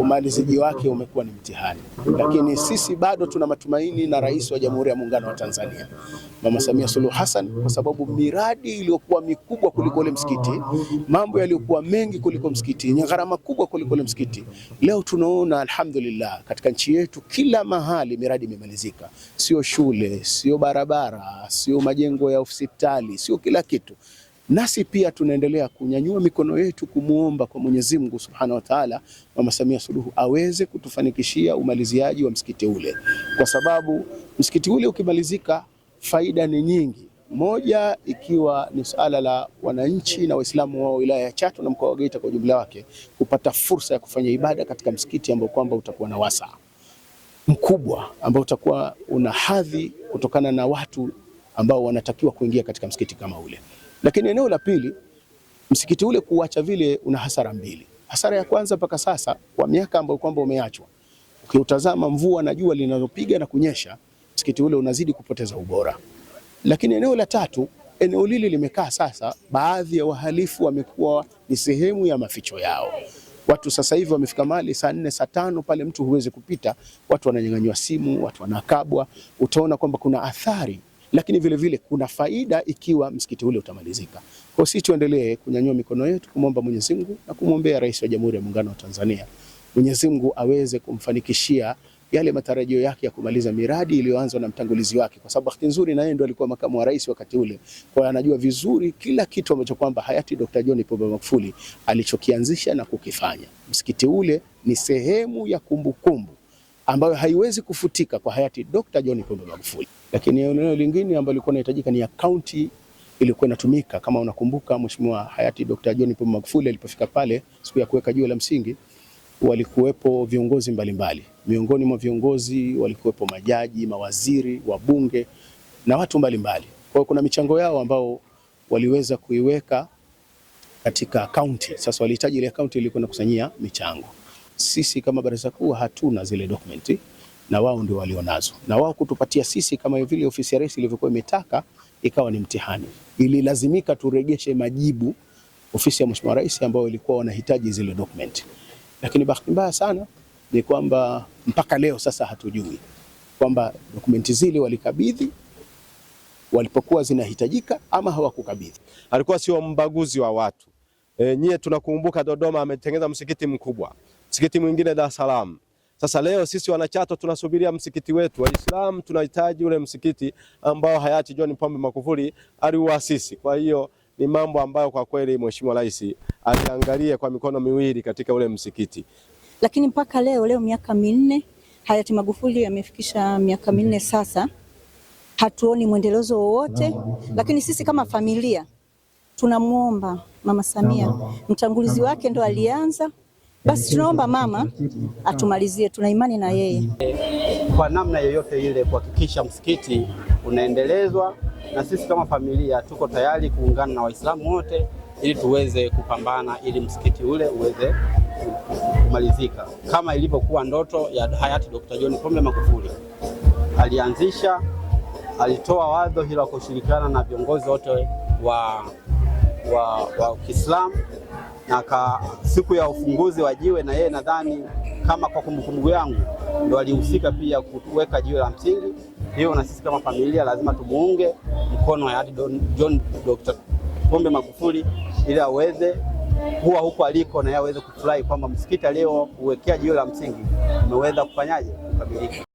Umaliziji wake umekuwa ni mtihani, lakini sisi bado tuna matumaini na Rais wa Jamhuri ya Muungano wa Tanzania Mama Samia Suluhu Hassan, kwa sababu miradi iliyokuwa mikubwa kuliko ule msikiti, mambo yaliyokuwa mengi kuliko msikiti, yenye gharama kubwa kuliko ule msikiti, leo tunaona alhamdulillah, katika nchi yetu kila mahali miradi imemalizika, sio shule, sio barabara, sio majengo ya hospitali, sio kila kitu nasi pia tunaendelea kunyanyua mikono yetu kumwomba kwa Mwenyezi Mungu Subhanahu wa Ta'ala, Mama Samia Suluhu aweze kutufanikishia umaliziaji wa msikiti ule, kwa sababu msikiti ule ukimalizika, faida ni nyingi. Moja ikiwa ni suala la wananchi na Waislamu wa wilaya ya Chato na mkoa wa Geita kwa ujumla wake kupata fursa ya kufanya ibada katika msikiti ambao kwamba utakuwa na wasa mkubwa ambao utakuwa una hadhi kutokana na watu ambao wanatakiwa kuingia katika msikiti kama ule. Lakini eneo la pili, msikiti ule kuacha vile una hasara mbili. Hasara ya kwanza, mpaka sasa kwa miaka ambayo kwamba umeachwa, ukiutazama mvua na jua linalopiga na kunyesha, msikiti ule unazidi kupoteza ubora. Lakini eneo la tatu, eneo lile limekaa sasa, baadhi ya wahalifu wamekuwa ni sehemu ya maficho yao. Watu sasa hivi wamefika mahali saa nne saa tano pale mtu huwezi kupita, watu wananyang'anywa simu, watu wanakabwa. Utaona kwamba kuna athari lakini vile vile kuna faida ikiwa msikiti ule utamalizika. Kwa hiyo sisi tuendelee kunyanyua mikono yetu kumwomba Mwenyezi Mungu na kumwombea Rais wa Jamhuri ya Muungano wa Tanzania, Mwenyezi Mungu aweze kumfanikishia yale matarajio yake ya kumaliza miradi iliyoanzwa na mtangulizi wake, kwa sababu bahati nzuri na yeye ndo alikuwa makamu wa rais wakati ule. Kwa hiyo anajua vizuri kila kitu ambacho kwamba hayati Dr. John Pombe Magufuli alichokianzisha na kukifanya. Msikiti ule ni sehemu ya kumbukumbu kumbu ambayo haiwezi kufutika kwa hayati Dr. John Pombe Magufuli. Lakini eneo lingine ambalo lilikuwa linahitajika ni akaunti ilikuwa inatumika. Kama unakumbuka, Mheshimiwa hayati Dr. John Pombe Magufuli alipofika pale siku ya kuweka jiwe la msingi, walikuwepo viongozi mbalimbali mbali. Miongoni mwa viongozi walikuwepo majaji, mawaziri, wabunge na watu mbalimbali. Kwa hiyo kuna michango yao ambao waliweza kuiweka katika akaunti. Sasa walihitaji ile akaunti ilikuwa inakusanyia michango. Sisi kama Baraza Kuu hatuna zile dokumenti na wao ndio walionazo, na wao kutupatia sisi kama vile ofisi ya rais ilivyokuwa imetaka, ikawa ni mtihani. Ililazimika turejeshe majibu ofisi ya mheshimiwa rais, ambao ilikuwa wanahitaji zile document, lakini bahati mbaya sana ni kwamba mpaka leo sasa hatujui kwamba dokumenti zile walikabidhi walipokuwa zinahitajika ama hawakukabidhi. Alikuwa sio mbaguzi wa watu e, nyie tunakumbuka Dodoma ametengeneza msikiti mkubwa, msikiti mwingine Dar es Salaam. Sasa leo sisi wanachato tunasubiria msikiti wetu. Waislamu tunahitaji ule msikiti ambao hayati John Pombe Magufuli aliuasisi. Kwa hiyo ni mambo ambayo kwa kweli Mheshimiwa Rais aliangalia kwa mikono miwili katika ule msikiti, lakini mpaka leo leo miaka minne hayati Magufuli amefikisha miaka minne mhm. sasa, hatuoni mwendelezo wowote. Lakini sisi kama familia tunamwomba Mama Samia, mtangulizi wake ndo alianza basi tunaomba mama atumalizie, tuna imani na yeye kwa namna yoyote ile kuhakikisha msikiti unaendelezwa, na sisi kama familia tuko tayari kuungana na Waislamu wote ili tuweze kupambana ili msikiti ule uweze kumalizika kama ilivyokuwa ndoto ya hayati Dr. John Pombe Magufuli. Alianzisha, alitoa wazo hilo kushirikiana na viongozi wote wa, wa, wa Kiislamu na ka, siku ya ufunguzi wa jiwe na yeye nadhani kama kwa kumbukumbu yangu ndo alihusika pia kuweka jiwe la msingi hiyo, na sisi kama familia lazima tumuunge mkono hayati John Dr. Pombe Magufuli ili aweze kuwa huko aliko na yeye aweze kufurahi kwamba msikiti leo uwekea jiwe la msingi umeweza kufanyaje kukamilika.